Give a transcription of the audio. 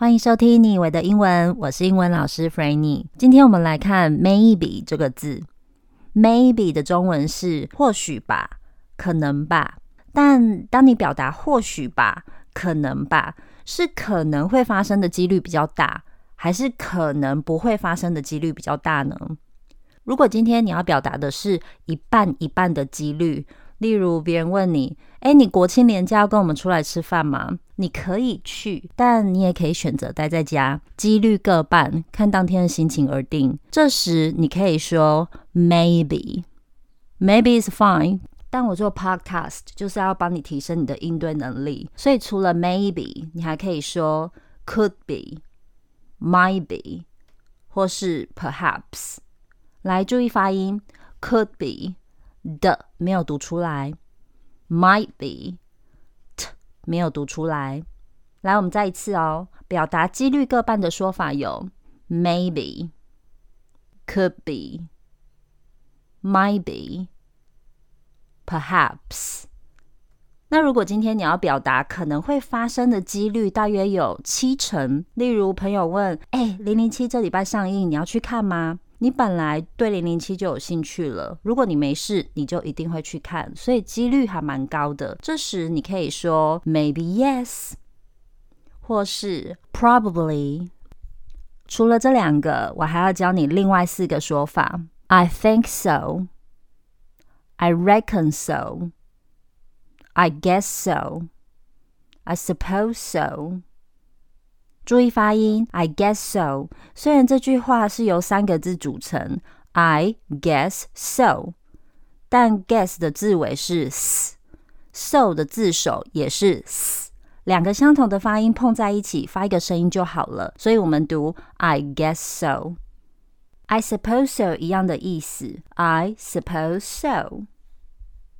歡迎收聽你以為的英文，我是英文老師 Frannie。今天我們來看 “maybe” 這個字。"maybe" 的中文是或許吧、可能吧。但當你表達“或許吧”、“可能吧”，是可能會發生的幾率比較大，還是可能不會發生的幾率比較大呢？如果今天你要表達的是一半一半的幾率，例如別人問你：“哎，你國慶連假要跟我們出來吃飯嗎？”你可以去，但你也可以選擇待在家，幾率各半，看當天的心情而定。這時你可以說 maybe，maybe maybe is fine。但我做 podcast 就是要幫你提升你的應對能力，所以除了 maybe，你還可以說 could be，might be，或是 perhaps。來，注意發音，could be 的沒有讀出來，might be。沒有讀出來，來，我們再一次哦。表達幾率各半的說法有 maybe, could be, might be, perhaps。那如果今天你要表達可能會發生的幾率大約有七成，例如朋友問：“哎，007這禮拜上映，你要去看嗎？”你本來對007就有興趣了，如果你沒事，你就一定會去看，所以幾率還蠻高的。這時你可以說 maybe yes，或是 probably。除了這兩個，我還要教你另外四個說法：I think so，I reckon so，I guess so，I suppose so。注意發音，I guess so。雖然這句話是由三個字組成，I guess so，但 guess 的字尾是 s，so 的字首也是 s，兩個相同的發音碰在一起，發一個聲音就好了。所以我們讀 I guess so，I suppose so 一樣的意思，I suppose so。